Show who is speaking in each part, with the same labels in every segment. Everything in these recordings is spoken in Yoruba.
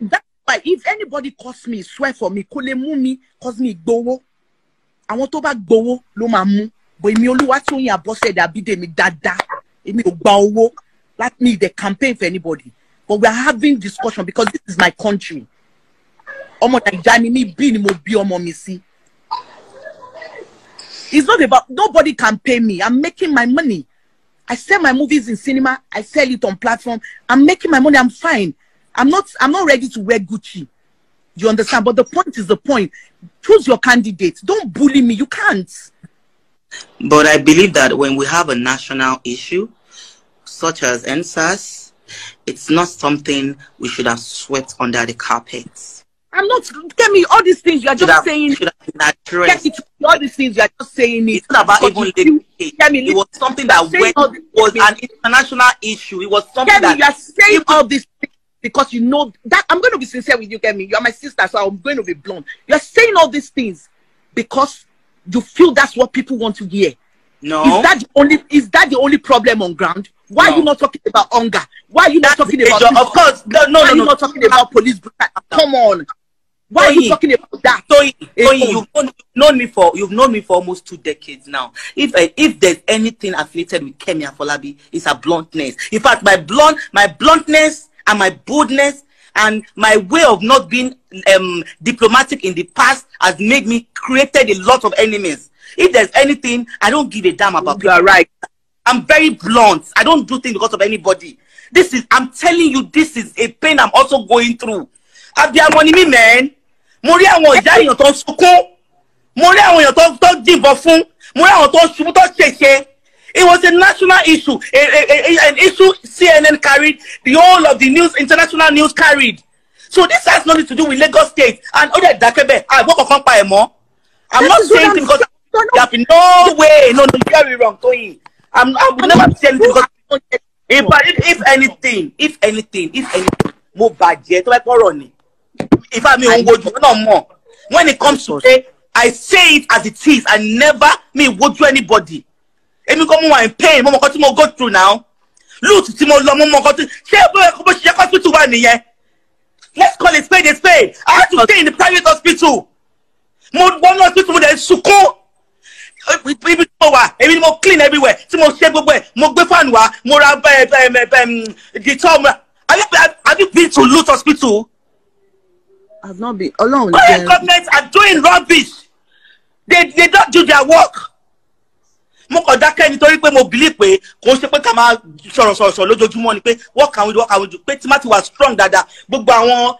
Speaker 1: That's why if anybody calls me, swear for me, kò lè mú mi, curse me gbowó. want tó you gbowó ló máa mú. But èmi Olúwatóyìn Abọ́sẹ̀dé Abídèmí dáadáa. Èmi ò gba owó. Let me the campaign for anybody. But we are having discussion because this is my country. Ọmọ Naija ni mi bí ni mo bí ọmọ mi sí. It's not about nobody can pay me. I'm making my money. I sell my movies in cinema. I sell it on platform. I'm making my money. I'm fine. I'm not I'm not ready to wear Gucci. You understand? But the point is the point. Choose your candidate. Don't bully me. You can't. But I believe that when we have a national issue, such as NSAS, it's not something we should have swept under the carpet. I'm not get me all these things you are just have, saying. Should have been get it, all these things you are just saying it. It's not about even you, me. it was something that went, was an international issue. It was something that me, you are saying all these things because you know that I'm going to be sincere with you, Kemi. You are my sister, so I'm going to be blunt. You're saying all these things because you feel that's what people want to hear. No. Is that the only is that the only problem on ground? Why no. are you not talking about hunger? Why are you not talking about of people? course no no Why no, no, no, not talking about police Come on. Why are you talking about that? Toyin, Toyin, you've known, me for you've known me for almost two decades now. If eh, if there's anything affiliated with Kemi Afolabi, it's her bluntness. In fact, my blunt my bluntness and my boldness and my way of not being um, diplomatic in the past has made me created a lot of enemies. If there's anything, I don't give a damn about you are right. I'm very blunt. I don't do things because of anybody. This is, I'm telling you, this is a pain I'm also going through. Abiamọ ni mi man. Mo rí It was a national issue, a, a, a, an issue CNN carried, the whole of the news, international news carried. So this has nothing to do with Lagos State and other Dakebe. I won't on by more.
Speaker 2: I'm not saying it because
Speaker 1: no, no. Be no way. No, no, you are wrong, Toyin. I'm, I would never say it because if, if, if anything, if anything, if anything, mo bàjẹ́ tó bá pọ̀rọ̀ If I may wojú no more. When it comes to say, I say it as it is. I never me wojú anybody èmi kọ́ mo wà in pain mo mọ nǹkan tí mo go through now loot tí mo lọ mo mọ nǹkan tí ṣé bó bó ṣiṣẹ́ hospital wà nìyẹn let's call it spade a spade I had to stay in the private hospital mo wọnú hospital mo dẹ̀ sunkún ibi tí mo wà èmi ni mo clean everywhere tí mo ṣe gbogbo ẹ̀ mo gbé fan wá mo ra dìtọ́ um, um, um, mo have you been to loot hospital. Have not been. Ọlọ́run jẹ́. Current government are doing rubbish. They they don't do their work mo kàn dákẹ́ nítorí pé mo bìlí pé kò ṣe pé ká máa sọ̀rọ̀ sọ̀rọ̀ sọ̀rọ̀ lójoojúmọ́ ni pé work and work and pé tí má ti wà strong dáadáa gbogbo àwọn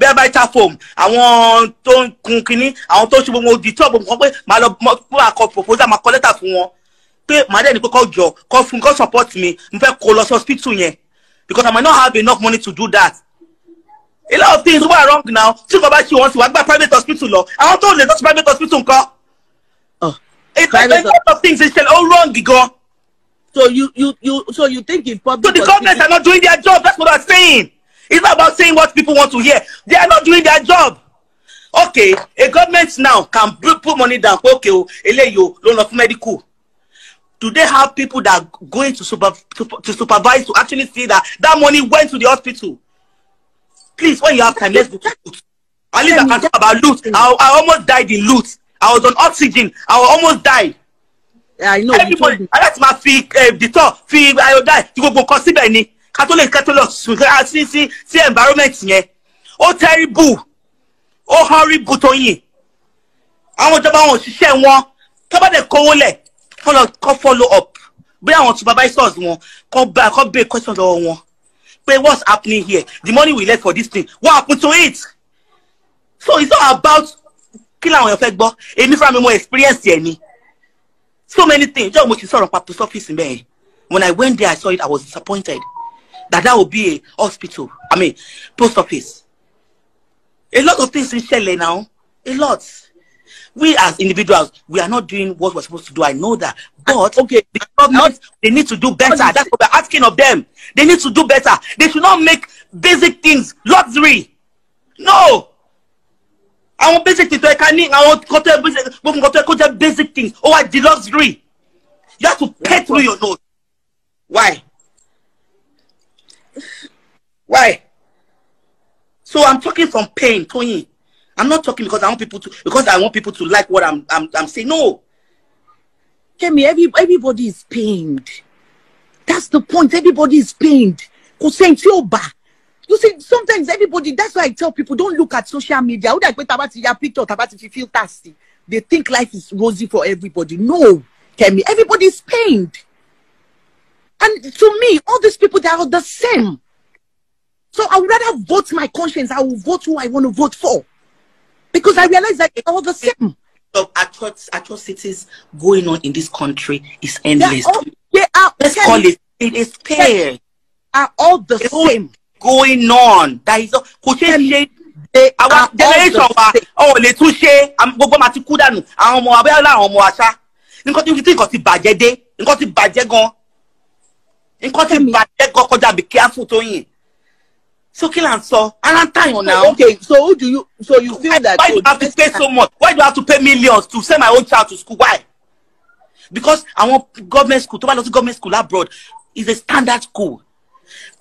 Speaker 1: bẹ́ẹ̀ bá ta foam àwọn tó ń kun kínní àwọn tó ń ṣe gbogbo dìtọ́ gbogbo kan pé màá lọ fún àkọ proposal màá kọ lẹ́tà fún wọn pé màá dẹ̀ ní pé kọ́ jọ kọ́ fún kọ́ support mi n fẹ́ kó lọ sí hospital yẹn because I may not have enough money to do that a lot of things are wrong now tí nǹkan bá ṣe wọn sì wá gba private hospital lọ àwọn tó lè lọ sí private hospital nǹkan It's a lot of things. It's still all wrong, Gigo. So you you you so you think it's public? So the governments are not doing their job. That's what I'm saying. It's not about saying what people want to hear. They are not doing their job. Okay, a government now can put money down. Okay, oh, eléyìí you loan of medical. Do they have people that are going to, super, to, to supervise to actually see that that money went to the hospital? Please, when you have time, let's go to loot. At least I can talk about loot. I, I almost died in loot. I was on oxygen. I almost died. I know. Everybody, aláti my fi The top iodine I gbogbo die. You go go tó lè ká tó lọ sùn see, see. sí environment yẹn. Oh terrible. Ó horrible tó yìn. Àwọn ìjọba wọn ò ṣiṣẹ́ wọn. Tọ́bàdẹ̀ kówó lẹ̀ kọ́ lọ kọ́ follow up. Bí àwọn supervisors wọn come. bá kọ́ bẹ̀ question lọ́wọ́ wọn. Pé what's happening here? The money we left for this thing, what happened to it? So it's not about kí làwọn èèyàn fẹ́ gbọ́ èmi fúnra mi mo experience ẹ̀ ni so many things jọ́ mo ti sọ̀rọ̀ pa post office mẹ́ẹ̀ when I went there I saw it I was disappointed that that would be a hospital I mean post office a lot of things ń ṣẹlẹ̀ now a lot we as individuals we are not doing what we're supposed to do I know that but ah, okay the government they need to do better that's what we're asking of them they need to do better they should not make basic things luxury no àwọn basic things tó yẹ ká ní àwọn kan basic gbogbo nǹkan tó yẹ basic things ó wà di luxury you have to pay through your nose why why so i'm talking from pain Toyin i'm not talking because i want people to because i want people to like what i'm i'm, I'm saying no. Kemi every, everybody is pained that's the point everybody is pained kò sẹ́yìn tí ó bá. you see sometimes everybody that's why i tell people don't look at social media ó dàgbé taba ti ya picture about if you feel thirsty. they think life is rosy for everybody no kemi everybody is pained and to me all these people they are the same so i would rather vote my conscience i will vote who i want to vote for because i realize that they are the same of atrocities going on in this country is endless. They are, they are Let's call it. It is pain. Are all the same. going on that is kò ṣeé ṣe our generation wa ọ̀ lè tún ṣe gbogbo ma ti kú dànù àwọn ọmọ abẹ́rẹ́ làwọn ọmọ àṣà nǹkan tí nǹkan ti bàjẹ́ dé nǹkan ti bàjẹ́ gan nǹkan ti bàjẹ́ gan kọjá bí careful tó yìn so kí là ń sọ ara ń tàyàn náà. okay so who do you so you feel that. why do you have to pay so much why do you have to pay millions to send my own child to school why because àwọn government school tó bá lọ sí government school abroad is a standard school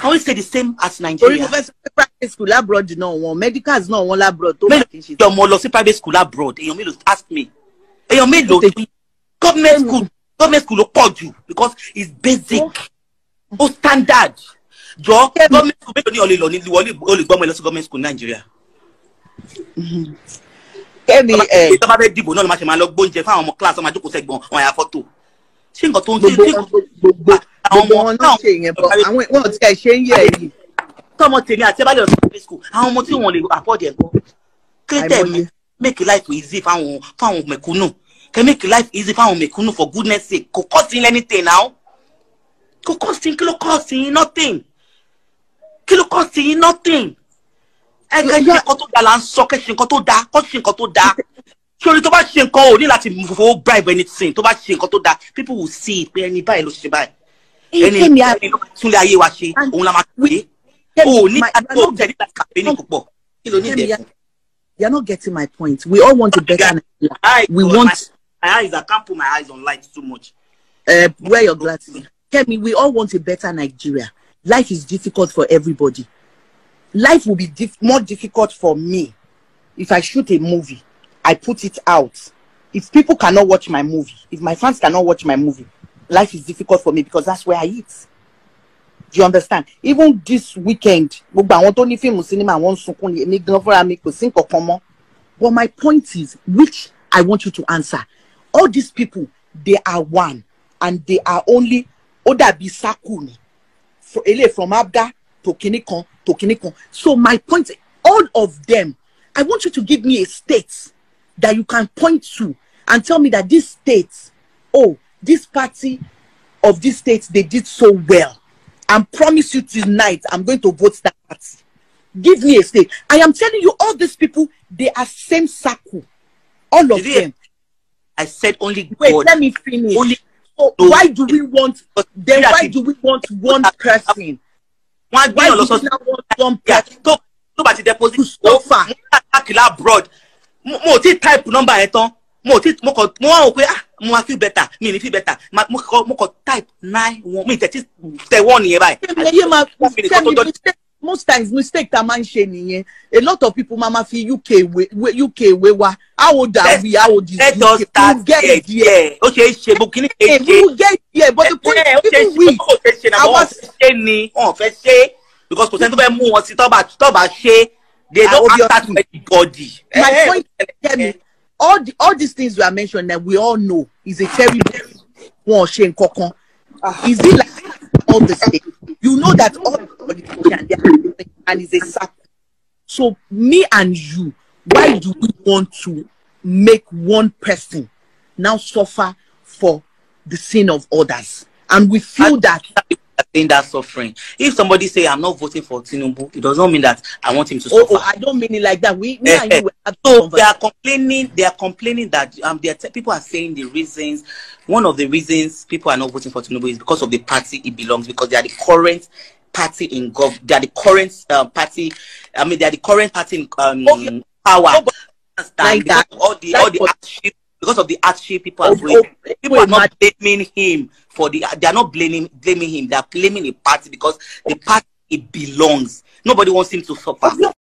Speaker 1: I always say the same as Nigeria. Orí mo fẹ́ private school abroad náà wọn medicals náà one abroad tó máa kì í ṣe. Mélòó private school abroad èèyàn mélòó ask me èèyàn mélòó government school government school ló pọ̀ jù because it's basic ó standard jọ government school mélòó ni ọ̀lẹ́ lọ ní olùgbọ́mọ ìlọsí government school Nàìjíríà. Mm-hmm. Kẹ́mi ẹ̀ eh. ìjọba bẹ́ẹ̀ dìbò náà ló máa ṣe máa lọ gbóúnjẹ fáwọn ọmọ kíláàsì ọmọ àjókòó sẹ́gbọ̀n ọmọ àyàfọ́tò ṣé nǹkan tó ń ṣe àwọn ọmọ náà ṣe yẹn bọ àwọn wọn ti ọmọ tí wọn lè afford ẹ kéde make life easy fáwọn fáwọn mẹ̀kúnnù kẹ make life easy fáwọn mẹ̀kúnnù for goodness sake kò cost in anything now kò cost in kí cost in nothing kí ló cost in nothing ẹ ṣe nǹkan tó da là ń sọ kẹ ṣe nǹkan tó da kọ ṣe nǹkan tó da sori tó bá ṣe nǹkan ò ní láti fowó bribe anything tó bá ṣe nǹkan tó da people will see pé ẹni báyìí ló ṣe báyìí ẹni túnlé ayé wa ṣe òun la máa pè é o ní àdúgbò tẹ̀lé láti kàpé ní púpọ̀ kí ló ní ìdẹ́kun. You are not getting my point. We all want a better Nigeria. We want. My, eyes, I can't put my eyes on light too much. Uh, wear your glasses. Tell me, we all want a better Nigeria. Life is difficult for everybody. Life will be dif- more difficult for me if I shoot a movie. I put it out. If people cannot watch my movie, if my fans cannot watch my movie, life is difficult for me because that's where I eat. Do you understand? Even this weekend, but I want only èmi mọ́. But my point is, which I want you to answer, all these people, they are one and they are only oda bisakuni. from Abga to Kinikan to Kinikan. So my point, all of them, I want you to give me a state that you can point to and tell me that this state, oh, this party of this state, they did so well. I promise you tonight, I'm going to vote that party. Give me a state. I am telling you, all these people, they are same circle. All of them. I said only God. Wait, let me finish. Only so no. why do we want then why do we want one person? Why do we not want one person? Tó bá ti deposit. To suffer. abroad. ti type number ẹ̀ tán. mo ti mo kọ mo wá wò pé ah mo feel better mi ni feel better mo kọ mo kọ type nine one mi tẹ̀tí tẹ̀ one nìyẹn báyìí. ṣé mi yé ma ṣe mi most times mistake ta máa ń ṣe nìyẹn a lot of people ma ma fi uk we uk we wa how old are we how old is uk who get there o ṣe é ṣe bó kíní ṣe eh, ṣe who get there but the point is eh, eh, even we our ṣe ni wọn fẹ́ ṣe because kò sẹ́ni tó fẹ́ mú wọn sí tọ́ba tọ́ba ṣe they ah, don't answer to anybody. my point is all the, all these things you are mentioning that we all know is a terrible one shame kokon. Ah. Is it like all the same? You know that all the and is a sap. So me and you, why do we want to make one person now suffer for the sin of others? And we feel that seeing that suffering. If somebody say I'm not voting for Tinubu, it does not mean that I want him to suffer. Oh, oh I don't mean it like that. We, uh, and eh, eh. so they are complaining. They are complaining that um, people are saying the reasons. One of the reasons people are not voting for Tinubu is because of the party he belongs. Because they are the current party in gov. They are the current uh, party. I mean, they are the current party in um, oh, yeah. power. Oh, like that. All the like all the because of the hardship people are oh, going. Oh, oh, people are not blaming him for the. They are not blaming blaming him. They are blaming the party because the party it belongs. Nobody wants him to suffer.